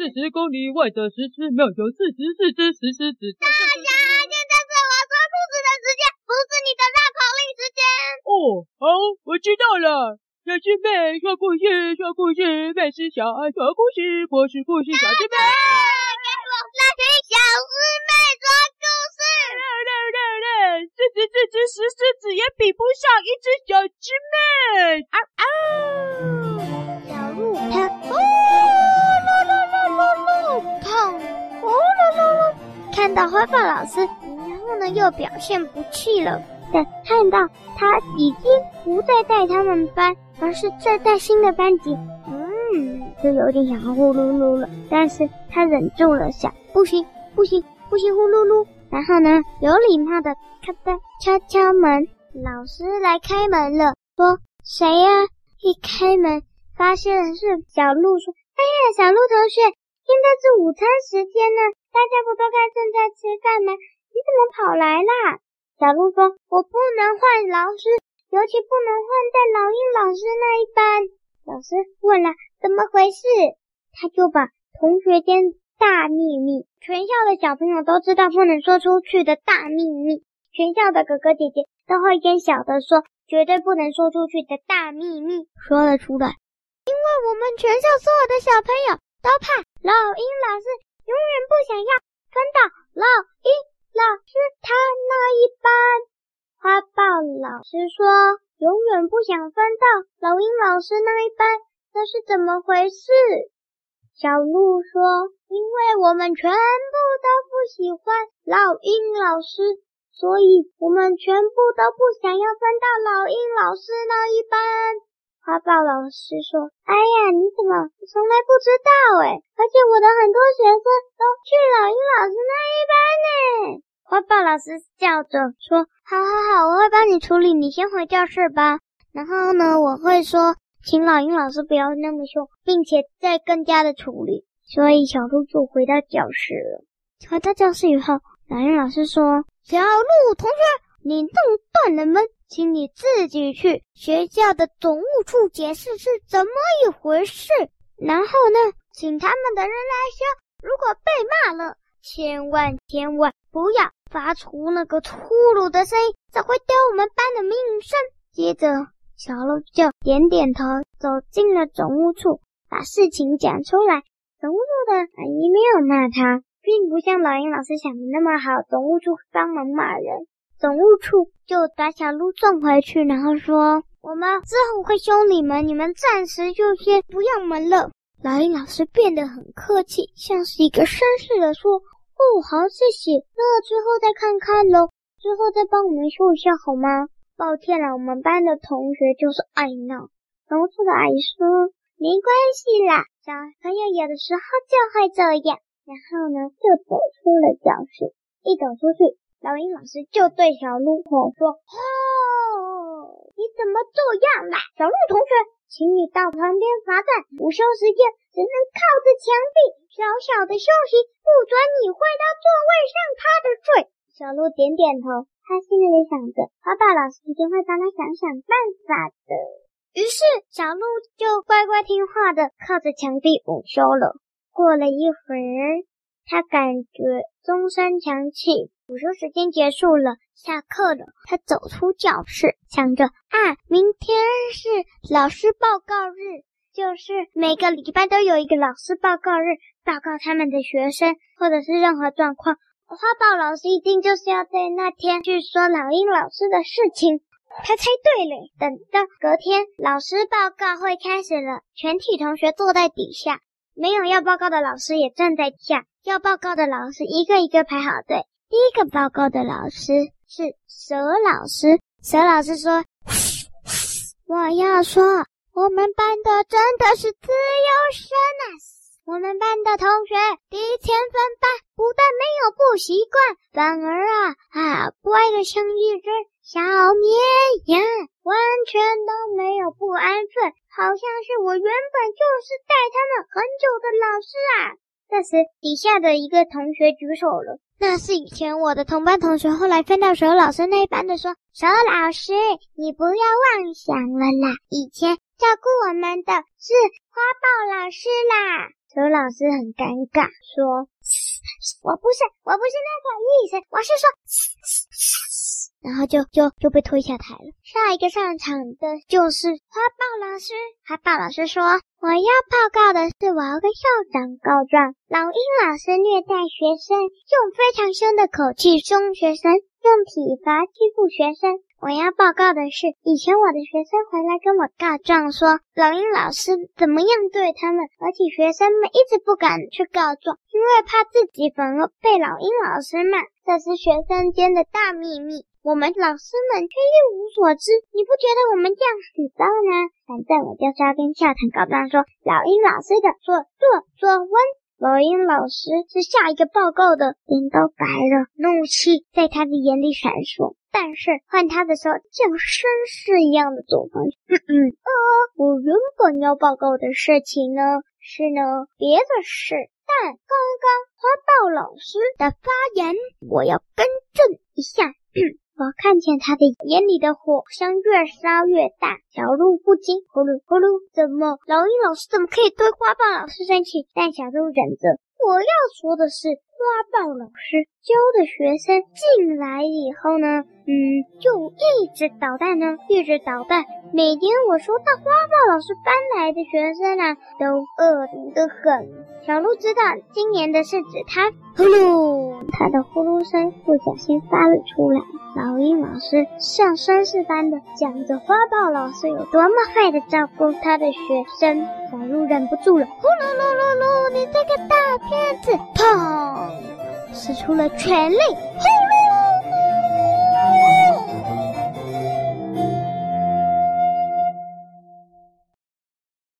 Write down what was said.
四十公里外的石獅廟有四十四隻石獅子。大家現在是我說兔子的時間，不是你的繞口令時間。哦，好，我知道了。小獅妹說故事，說故事，大小俠說故事，博士故事。小獅妹，給我那群小獅妹說故事。對對對對，四十四隻石獅子也比不上一隻小獅妹。啊啊！花豹老師，然後呢又表現不去了，但看到他已經不再帶他們班，而是在帶新的班級，嗯，就有點想呼嚕嚕了，但是他忍住了想，想不行不行不行呼嚕嚕，然後呢有禮貌的咔噠敲敲門，老師來開門了，說誰呀？啊，一開門發現是小鹿說，說哎呀，小鹿同學。現在是午餐時間呢，大家不都該正在吃飯嗎？你怎麼跑來啦？小鹿說：“我不能換老師，尤其不能換在老鷹老師那一班。”老師問了：“怎麼回事？”他就把同學間大秘密，全校的小朋友都知道不能說出去的大秘密，全校的哥哥姐姐都會跟小的說，絕對不能說出去的大秘密說了出來，因為我們全校所有的小朋友。都怕老鷹老師，永遠不想要分到老鷹老師他那一班。花豹老師說，永遠不想分到老鷹老師那一班，這是怎麼回事？小鹿說，因為我們全部都不喜歡老鷹老師，所以我們全部都不想要分到老鷹老師那一班。花豹老師說：“哎呀，你怎麼，你從來不知道哎？而且我的很多學生都去老鷹老師那一班呢。”花豹老師笑着說：“好，好，好，我會幫你處理，你先回教室吧。”然後呢，我會說：“請老鷹老師不要那麼凶，並且再更加的處理。”所以小鹿就回到教室了。回到教室以後，老鷹老師說：“小鹿同學，你弄斷了門。”請你自己去學校的總務處解釋是怎麼一回事。然後呢，請他們的人來說，如果被罵了，千萬千萬不要發出那個粗魯的聲音，這會丟我們班的名聲。接着，小鹿就點點頭，走進了總務處，把事情講出來。總務處的阿姨沒有罵他，並不像老鷹老師想的那麼好。總務處幫忙罵人。總務處就把小鹿送回去，然後說：“我們之後會修理門，你們暫時就先不要門了。”老鷹老師變得很客氣，像是一個紳士的說：“哦，好，謝謝，那最後再看看咯，最後再幫我們修一下好嗎？”抱歉了，我們班的同學就是愛鬧。老處的阿姨說：“沒關係啦，小朋友有的時候就會這樣。”然後呢，就走出了教室，一走出去。老鷹老師就對小鹿說：“吼、哦，你怎麼這樣啦？小鹿同學，請你到旁邊罰站。午休時間只能靠着牆壁小小的休息，不准你回到座位上趴着睡。”小鹿點點頭，他心裡想着：“爸爸老師一定會幫他想想辦法的。”於是，小鹿就乖乖聽話的靠着牆壁午休了。過了一會兒，他感覺鐘聲響起。午休時間結束了，下課了。他走出教室，想着：“啊，明天是老師報告日，就是每個禮拜都有一個老師報告日，報告他們的學生或者是任何狀況。花豹老師一定就是要在那天，去說老鷹老師的事情。”他猜對了。等到隔天，老師報告會開始了，全體同學坐在底下，沒有要報告的老師也站在底下，要報告的老師一個一個排好隊。第一個報告的老師是蛇老師，蛇老師說：“我要說，我們班的真的是資優生啊！我們班的同學第一天分班，不但沒有不習慣，反而啊啊乖得像一隻小綿羊，完全都沒有不安分，好像是我原本就是帶他們很久的老師啊！”這時，底下的一個同學舉手了。那是以前我的同班同學，後來分到手老師那一班的，說：“手老師，你不要妄想了啦，以前照顧我們的是花豹老師啦。”手老師很尷尬，說：“我不是，我不是那個意思，我是說……”然後就就就被推下台了。下一個上場的就是花豹老師。花豹老師說：“我要報告的是，我要跟校長告狀。老鷹老師虐待學生，用非常凶的口氣凶學生，用體罰欺負學生。我要報告的是，以前我的學生回來跟我告狀說，老鷹老師怎麼樣對他們，而且學生們一直不敢去告狀，因為怕自己反而被老鷹老師罵，這是學生間的大秘密。”我們老師們卻一無所知，你不覺得我們這樣很髒嗎？反正我就是要跟校長告狀，說老鷹老師的做做做溫老鷹老師是下一個報告的。臉都白了，怒氣在他的眼裡閃爍。但是換他的時候，像紳士一樣的坐上去。嗯嗯，呃、啊，我原本要報告的事情呢，是呢別的事，但剛剛花豹老師的發言，我要更正一下。我看見他的眼裡的火光越燒越大，小鹿不禁“呼嚕呼嚕”，怎麼？老鷹老師怎麼可以對花豹老師生氣？但小鹿忍着。我要說的是，花豹老師教的學生進來以後呢？嗯，就一直搗蛋呢，一直搗蛋。每天我說到花豹老師搬來的學生呢、啊，都惡毒得很。小鹿知道今年的是指他，呼嚕，他的呼嚕聲不小心發了出來。老鷹老師像紳士般的講着花豹老師有多麼壞的照顧他的學生。小鹿忍不住了，呼嚕嚕嚕嚕，你這個大騙子！砰，使出了全力。嘿